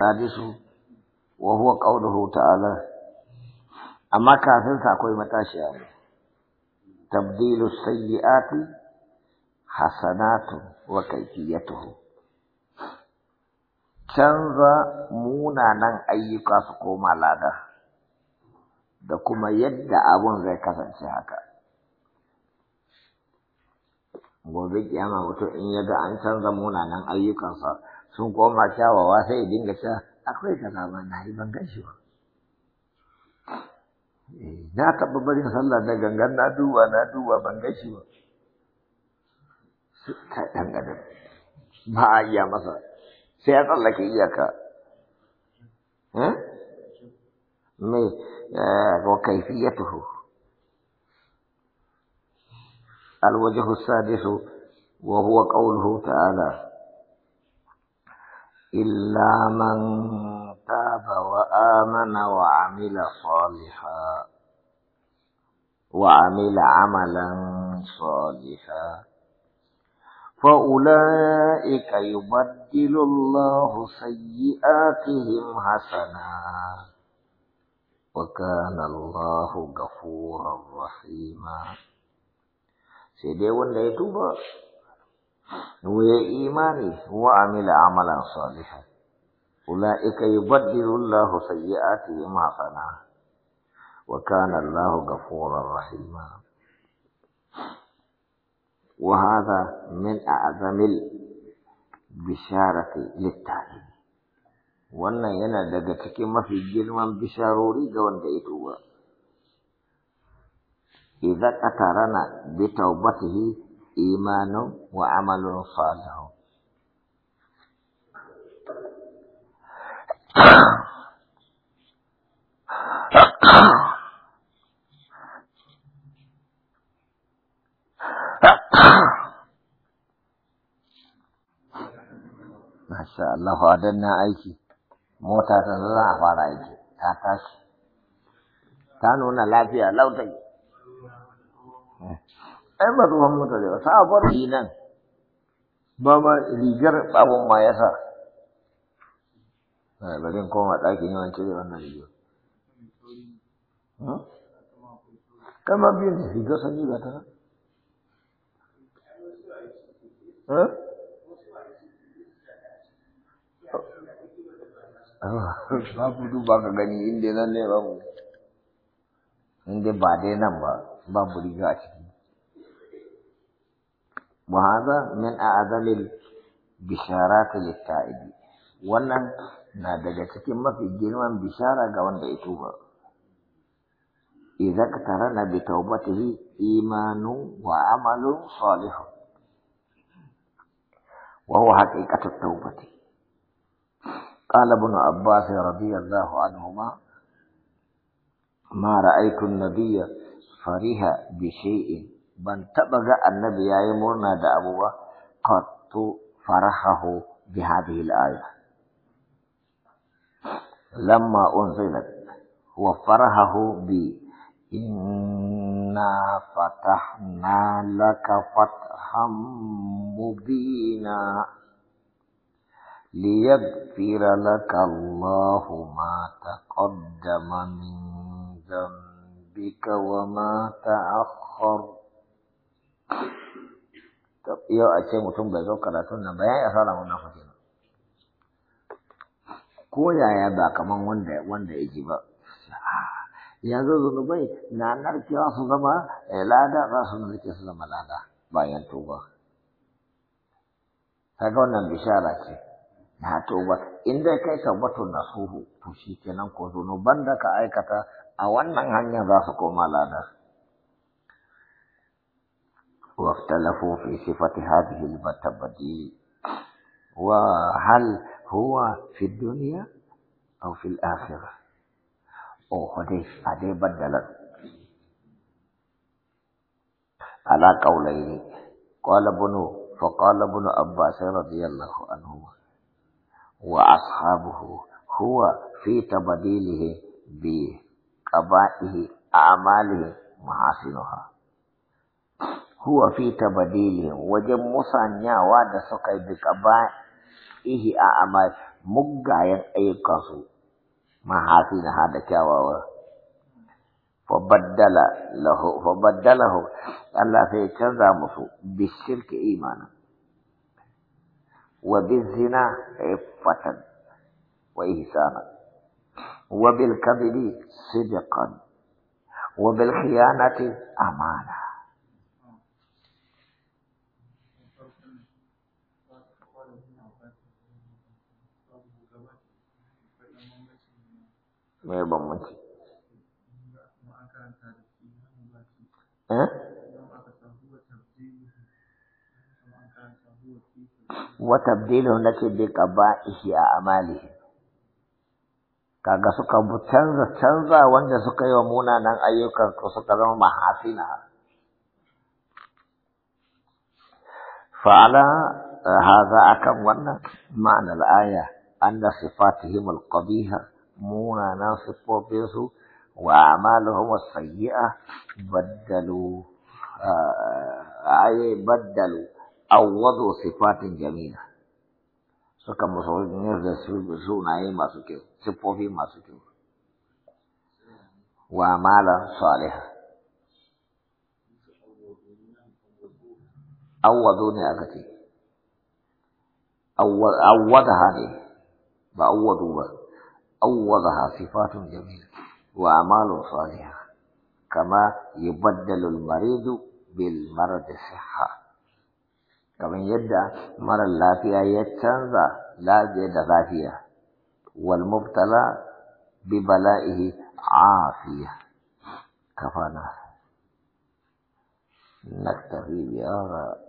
السادس وهو قوله تعالى أما كافر تقول متاشا تبديل السيئات حسنات وكيفيته canza munanan ayyuka su koma lada da kuma yadda abun zai kasance haka gobe kiyama mutum in yaga an canza munanan ayyukansa sun koma kyawawa sai ya dinga sha akwai kaza ba na yi ban gashi ba na taɓa barin sallah na gangan na duba na duba ban gashi ba ta dangane ba a iya masa sai ya tsallake iyaka mai wa kaifiyatuhu الوجه wa وهو قوله تعالى إلا من تاب وآمن وعمل صالحا وعمل عملا صالحا فأولئك يبدل الله سيئاتهم حسنا وكان الله غفورا رحيما سيدي ولا wanda وإيماني وعمل عملا صالحا أولئك يبدل الله سيئاتهم حسنا وكان الله غفورا رحيما وهذا من أعظم البشارة للتعليم وأن yana daga cikin في girman بشاروري ga إذا ya بتوبته إيمانه وعمله صالح ما شاء الله فادنا أيكي موتا تنزل أفار أيكي تاتاش تانونا لا فيها لو تجي ai ba tsohon mutane ba sabuwar nan ba rigar ma ya sa koma ɗakin yawan cire wannan rigar hmm? kama rigar sanyi ba ta hmm? Babu duba ka gani inda nan ne babu, inda ba dai nan ba, babu riga a ciki. وهذا من أعظم البشارات للتائب وانا نادجة بدأت ما في الجنوان بشارة قوان بيتوها إذا اقترن بتوبته إيمان وعمل صالح وهو حقيقة التوبة قال ابن عباس رضي الله عنهما ما رأيت النبي فرح بشيء من تبغى النبي يا يمرنا أبوه قط فرحه بهذه الآية لما أنزلت وفرحه ب إنا فتحنا لك فتحا مبينا ليغفر لك الله ما تقدم من ذنبك وما تأخر yau a ce mutum bai zo karatun nan ba ya fara wannan ba ko yaya ba kaman wanda wanda ya ba yanzu zunubai na narkewa su zama eh, lada za su narke su zama lada bayan tuba kaga wannan bishara ce na tuba in dai kai tabbatu nasuhu to kenan ko zunuban da ka aikata a wannan hanyar za su koma lada واختلفوا في صفة هذه المتبديل وهل هو في الدنيا أو في الآخرة أو حديث أدي بدلا على قولين قال ابن فقال ابن عباس رضي الله عنهما وأصحابه هو في تبديله بقبائه أعماله محاسنها huwa fi tabadili wajen musanyawa da suka bi ba ihi a amal muggayen ayyukansu mahafi na hada kyawawa fabaddalahu Allah sai canza musu bishirki imanin wa bizina iffatan wa ihsanan wa bil kadhibi sidqan wa bil khiyanati amana Me bambanci? Eh? وتبديله ishi a أعماله kaga suka canza canza wanda suka yi wa munanan ayyukan suka zama mahasina فعلى آه، هذا أكم ونك معنى الآية أن صفاتهم القبيحة مونا ناصف وبيسو وأعمالهم السيئة بدلوا آه، آه، أي بدلوا عوضوا صفات جميلة suka musulmi سوء نعيم ما سكيو سبو في ما سكيو mala صالحة أوضوني أغتي أوضها لي بأوضوا أوضها صفات جميلة وأعمال صالحة كما يبدل المريض بالمرض الصحة كما يدعى مر لا فيها يتنزى لا زيد فيها والمبتلى ببلائه عافية كفانا نكتفي بهذا